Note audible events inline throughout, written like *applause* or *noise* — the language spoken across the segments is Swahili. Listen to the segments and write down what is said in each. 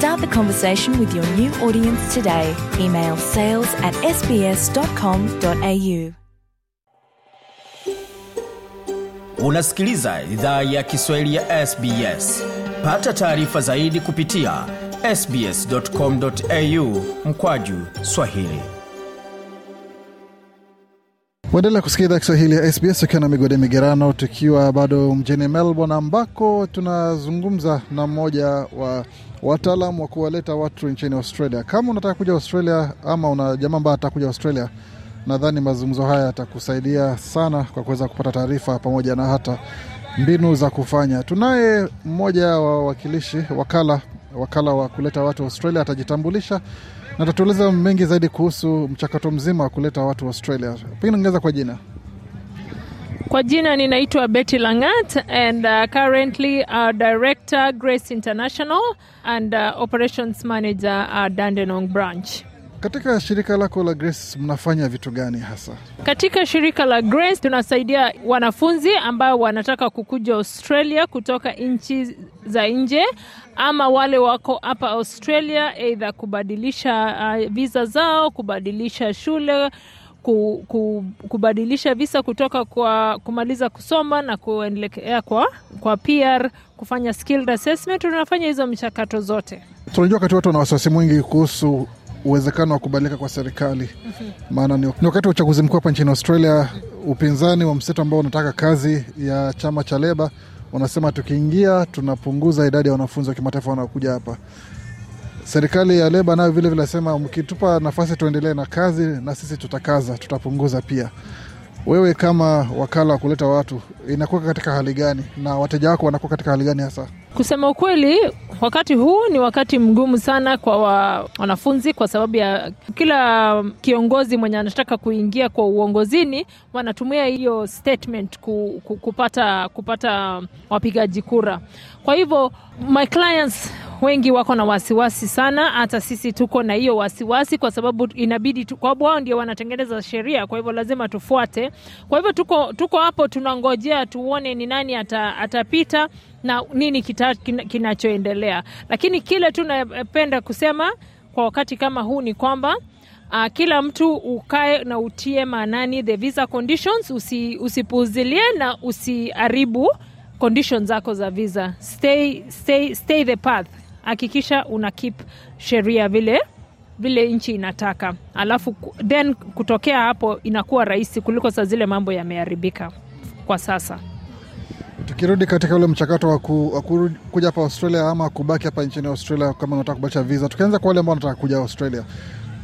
Start the conversation with your new audience today. Email sales at sbs.com.au. Unasikiliza idhaa ya Kiswahili ya SBS. Pata taarifa zaidi kupitia sbs.com.au mkwaju Swahili. Waendelea kusikia idhaa Kiswahili ya SBS ukiwa na migode migerano, tukiwa bado mjini Melbourne ambako tunazungumza na mmoja wa wataalam wa kuwaleta watu nchini Australia. Kama unataka kuja Australia ama una jamaa ambaye atakuja Australia, nadhani mazungumzo haya yatakusaidia sana kwa kuweza kupata taarifa pamoja na hata mbinu za kufanya. Tunaye mmoja wa wawakilishi wakala wakala wa kuleta watu Australia atajitambulisha na atatueleza mengi zaidi kuhusu mchakato mzima wa kuleta watu Australia. Pengine ongeza kwa jina. Kwa jina ninaitwa Betty Langat and uh, currently our director Grace International and uh, operations manager uh, Dandenong branch. Katika shirika lako la Grace mnafanya vitu gani hasa? Katika shirika la Grace tunasaidia wanafunzi ambao wanataka kukuja Australia kutoka nchi za nje ama wale wako hapa Australia, eidha kubadilisha uh, visa zao, kubadilisha shule ku, ku, kubadilisha visa kutoka kwa kumaliza kusoma na kuendelekea kwa, kwa PR kufanya skilled assessment. Tunafanya hizo mchakato zote. Tunajua wakati watu wana wasiwasi mwingi kuhusu uwezekano wa kubadilika kwa serikali mhm. maana ni wakati wa uchaguzi mkuu hapa nchini Australia. Upinzani wa mseto ambao unataka kazi ya chama cha Leba wanasema tukiingia, tunapunguza idadi ya wanafunzi wa kimataifa wanaokuja hapa. Serikali ya Leba nayo vilevile asema mkitupa nafasi tuendelee na kazi, na sisi tutakaza, tutapunguza pia. Wewe kama wakala wa kuleta watu inakuwa katika hali gani, na wateja wako wanakuwa katika hali gani hasa? Kusema ukweli, wakati huu ni wakati mgumu sana kwa wa, wanafunzi kwa sababu ya kila kiongozi mwenye anataka kuingia kwa uongozini wanatumia hiyo statement ku, ku, kupata, kupata wapigaji kura. Kwa hivyo my clients wengi wako na wasiwasi sana. Hata sisi tuko na hiyo wasiwasi, kwa sababu inabidi tu, kwa wao ndio wanatengeneza sheria, kwa hivyo lazima tufuate. Kwa hivyo tuko, tuko hapo tunangojea tuone ni nani atapita na nini kita, kin, kinachoendelea. Lakini kile tunapenda kusema kwa wakati kama huu ni kwamba Uh, kila mtu ukae na utie maanani the visa conditions, usi, usipuzilie na usiharibu conditions zako za visa. Stay, stay, stay the path hakikisha una kip sheria vile vile nchi inataka, alafu then kutokea hapo inakuwa rahisi kuliko saa zile mambo yameharibika kwa sasa. Tukirudi katika ule mchakato wa kuja hapa Australia ama kubaki hapa nchini Australia kama unataka kubadilisha visa, tukianza kwa wale ambao wanataka kuja Australia,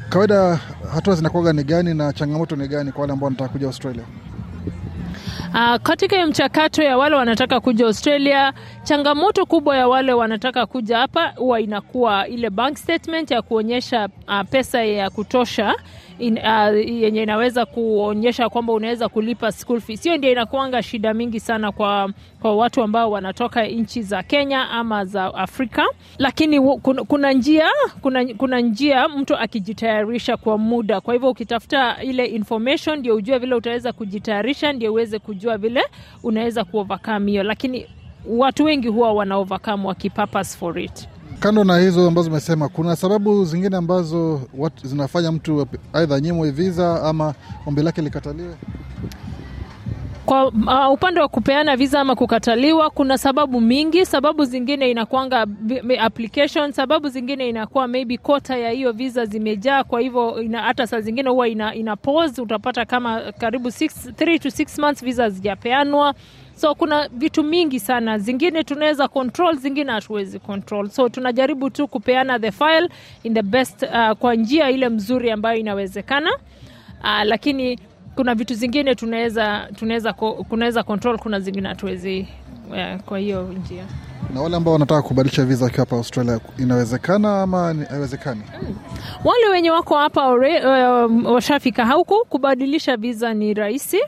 kawaida hatua zinakuaga ni gani na changamoto ni gani kwa wale ambao wanataka kuja Australia? Uh, katika mchakato ya wale wanataka kuja Australia, changamoto kubwa ya wale wanataka kuja hapa huwa inakuwa ile bank statement ya kuonyesha uh, pesa ya kutosha in, uh, yenye inaweza kuonyesha kwamba unaweza kulipa school fees. Hiyo ndio inakuanga shida mingi sana kwa, kwa watu ambao wanatoka nchi za Kenya ama za Afrika, lakini kuna, kuna njia kuna, kuna njia mtu akijitayarisha kwa muda. Kwa hivyo ukitafuta ile information ndio ujue vile utaweza kujitayarisha, ndio uweze kujua vile unaweza kuovercome hiyo, lakini watu wengi huwa wana overcome waki purpose for it. Kando na hizo ambazo umesema, kuna sababu zingine ambazo zinafanya mtu aidha nyimwe visa ama ombi lake likataliwe? Kwa uh, upande wa kupeana visa ama kukataliwa, kuna sababu mingi. Sababu zingine inakuanga application, sababu zingine inakuwa maybe kota ya hiyo visa zimejaa, kwa hivyo hata saa zingine huwa ina, ina pause. Utapata kama karibu 3 to 6 months visa zijapeanwa So kuna vitu mingi sana, zingine tunaweza control, zingine hatuwezi control. So tunajaribu tu kupeana the file in the best uh, kwa njia ile mzuri ambayo inawezekana. Uh, lakini kuna vitu zingine tunaweza tunaweza kunaweza control, kuna zingine hatuwezi. Yeah, kwa hiyo njia na wale ambao wanataka kubadilisha visa wakiwa hapa Australia inawezekana ama haiwezekani? Mm. Wale wenye wako hapa um, washafika huku kubadilisha visa ni rahisi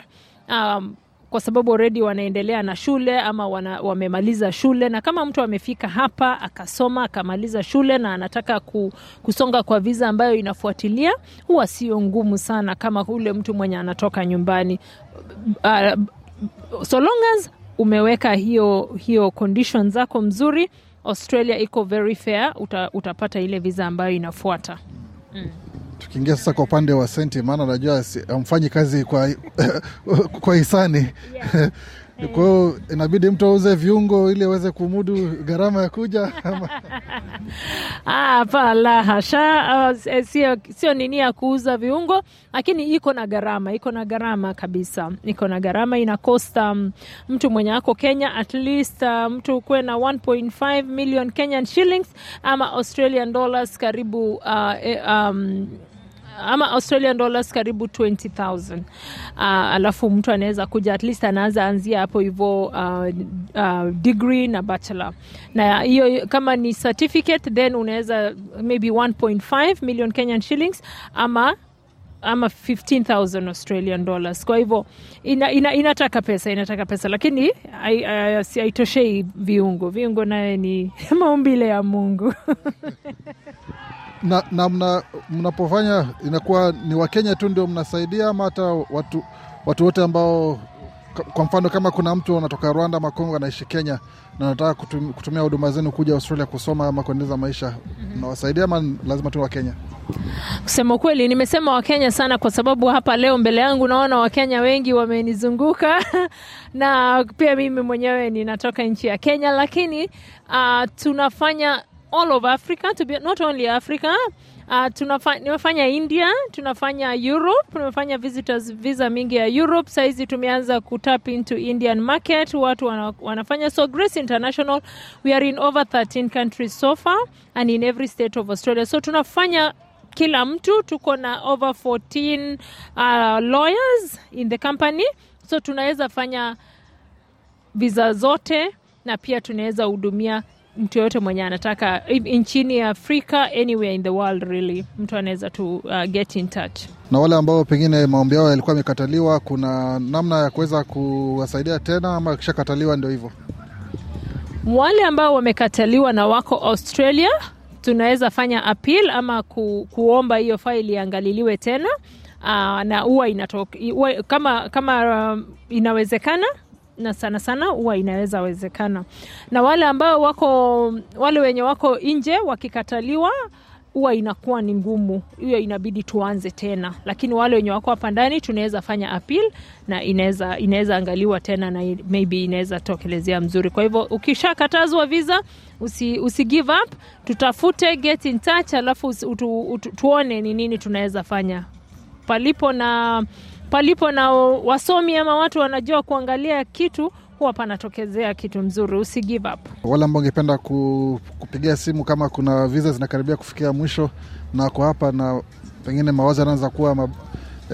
um, kwa sababu redi wanaendelea na shule ama wana, wamemaliza shule, na kama mtu amefika hapa akasoma akamaliza shule na anataka ku, kusonga kwa viza ambayo inafuatilia, huwa sio ngumu sana kama ule mtu mwenye anatoka nyumbani uh, so long as umeweka hiyo, hiyo condition zako mzuri, Australia iko very fair, uta, utapata ile viza ambayo inafuata mm. Tukiingia sasa kwa upande wa senti, maana najua amfanyi kazi kwa, *laughs* kwa hisani yeah. *laughs* Kwa hiyo inabidi mtu auze viungo ili aweze kumudu gharama ya kuja *laughs* ah, hapa. La hasha, ah, eh, sio sio nini ya kuuza viungo, lakini iko na gharama, iko na gharama kabisa, iko na gharama. Inakosta um, mtu mwenye ako Kenya at least uh, mtu ukuwe na 1.5 million Kenyan shillings ama Australian dollars karibu uh, eh, um, ama Australian dollars karibu 20000 uh, ah, alafu mtu anaweza kuja at least anaanza anzia hapo hivyo uh, uh, degree na bachelor na hiyo kama ni certificate then unaweza maybe 1.5 million Kenyan shillings ama ama 15000 Australian dollars. Kwa hivyo ina, ina, inataka pesa, inataka pesa, lakini haitoshei viungo. Viungo naye ni *laughs* maumbile ya Mungu *laughs* na, na mna, mnapofanya inakuwa ni Wakenya tu ndio mnasaidia ama hata watu watu wote ambao kwa mfano kama kuna mtu anatoka Rwanda ama Kongo anaishi Kenya na anataka kutumia huduma zenu kuja Australia kusoma ama kuendeleza maisha mhm. mnawasaidia mm -hmm. ama lazima tu Wakenya? Kusema kweli nimesema Wakenya sana kwa sababu hapa leo mbele yangu naona Wakenya wengi wamenizunguka *laughs* na pia mimi mwenyewe ninatoka nchi ya Kenya, lakini uh, tunafanya all over Africa to be not only Africa uh, tunafanya India, tunafanya Europe, tumefanya visitors visa mingi ya Europe. sahizi tumeanza kutap into Indian market, watu wanafanya so Grace International we are in over 13 countries so far and in every state of Australia, so tunafanya kila mtu tuko na over 14 uh, lawyers in the company, so tunaweza fanya visa zote na pia tunaweza hudumia mtu yoyote mwenye anataka nchini Afrika, anywhere in the world really, mtu anaweza tu uh, get in touch. Na wale ambao pengine maombi yao yalikuwa yamekataliwa, kuna namna ya kuweza kuwasaidia tena, ama akishakataliwa ndio hivyo? Wale ambao wamekataliwa na wako Australia, tunaweza fanya appeal ama ku, kuomba hiyo faili iangaliliwe tena. Uh, na huwa inatoka kama, kama uh, inawezekana na sana sana huwa inaweza wezekana. Na wale ambao wako wale wenye wako nje wakikataliwa huwa inakuwa ni ngumu, hiyo inabidi tuanze tena, lakini wale wenye wako hapa ndani tunaweza fanya apil na inaweza inaweza angaliwa tena na maybe inaweza tokelezea mzuri. Kwa hivyo ukishakatazwa visa usi, usi give up, tutafute get in touch, alafu utu, utu, tuone ni nini tunaweza fanya palipo na palipo na wasomi ama watu wanajua kuangalia kitu huwa panatokezea kitu mzuri. Usi give up. Wale ambao ungependa kupigia simu kama kuna visa zinakaribia kufikia mwisho na kwa hapa na pengine mawazo yanaanza kuwa ma,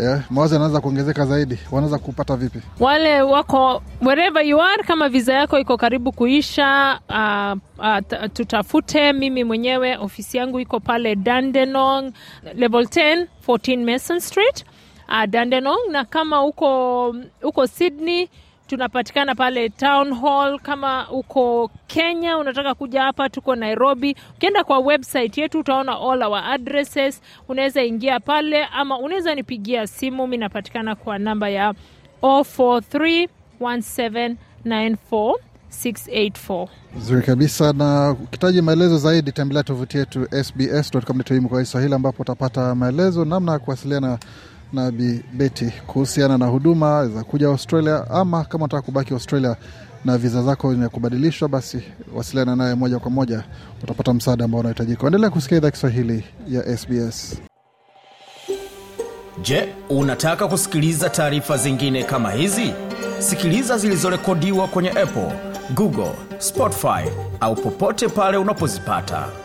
yeah, mawazo yanaanza kuongezeka zaidi, wanaweza kupata vipi? Wale wako wherever you are, kama visa yako iko karibu kuisha, uh, uh, tutafute. Mimi mwenyewe ofisi yangu iko pale Dandenong level 10 14 Mason Street uh, Dandenong, na kama uko, uko Sydney tunapatikana pale Town Hall. Kama uko Kenya unataka kuja hapa, tuko Nairobi. Ukienda kwa website yetu utaona all our addresses, unaweza ingia pale ama unaweza nipigia simu. Mi napatikana kwa namba ya 0431794684. zuri kabisa, na ukitaji maelezo zaidi tembelea tovuti yetu sbs.com.au kwa Kiswahili, ambapo utapata maelezo namna ya kuwasiliana na Bibeti kuhusiana na huduma za kuja Australia, ama kama unataka kubaki Australia na viza zako kubadilishwa, basi wasiliana naye moja kwa moja, utapata msaada ambao unahitajika. Endelea kusikia idhaa Kiswahili ya SBS. Je, unataka kusikiliza taarifa zingine kama hizi? Sikiliza zilizorekodiwa kwenye Apple, Google, Spotify au popote pale unapozipata.